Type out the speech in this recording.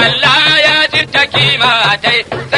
kalla ya ji ta kima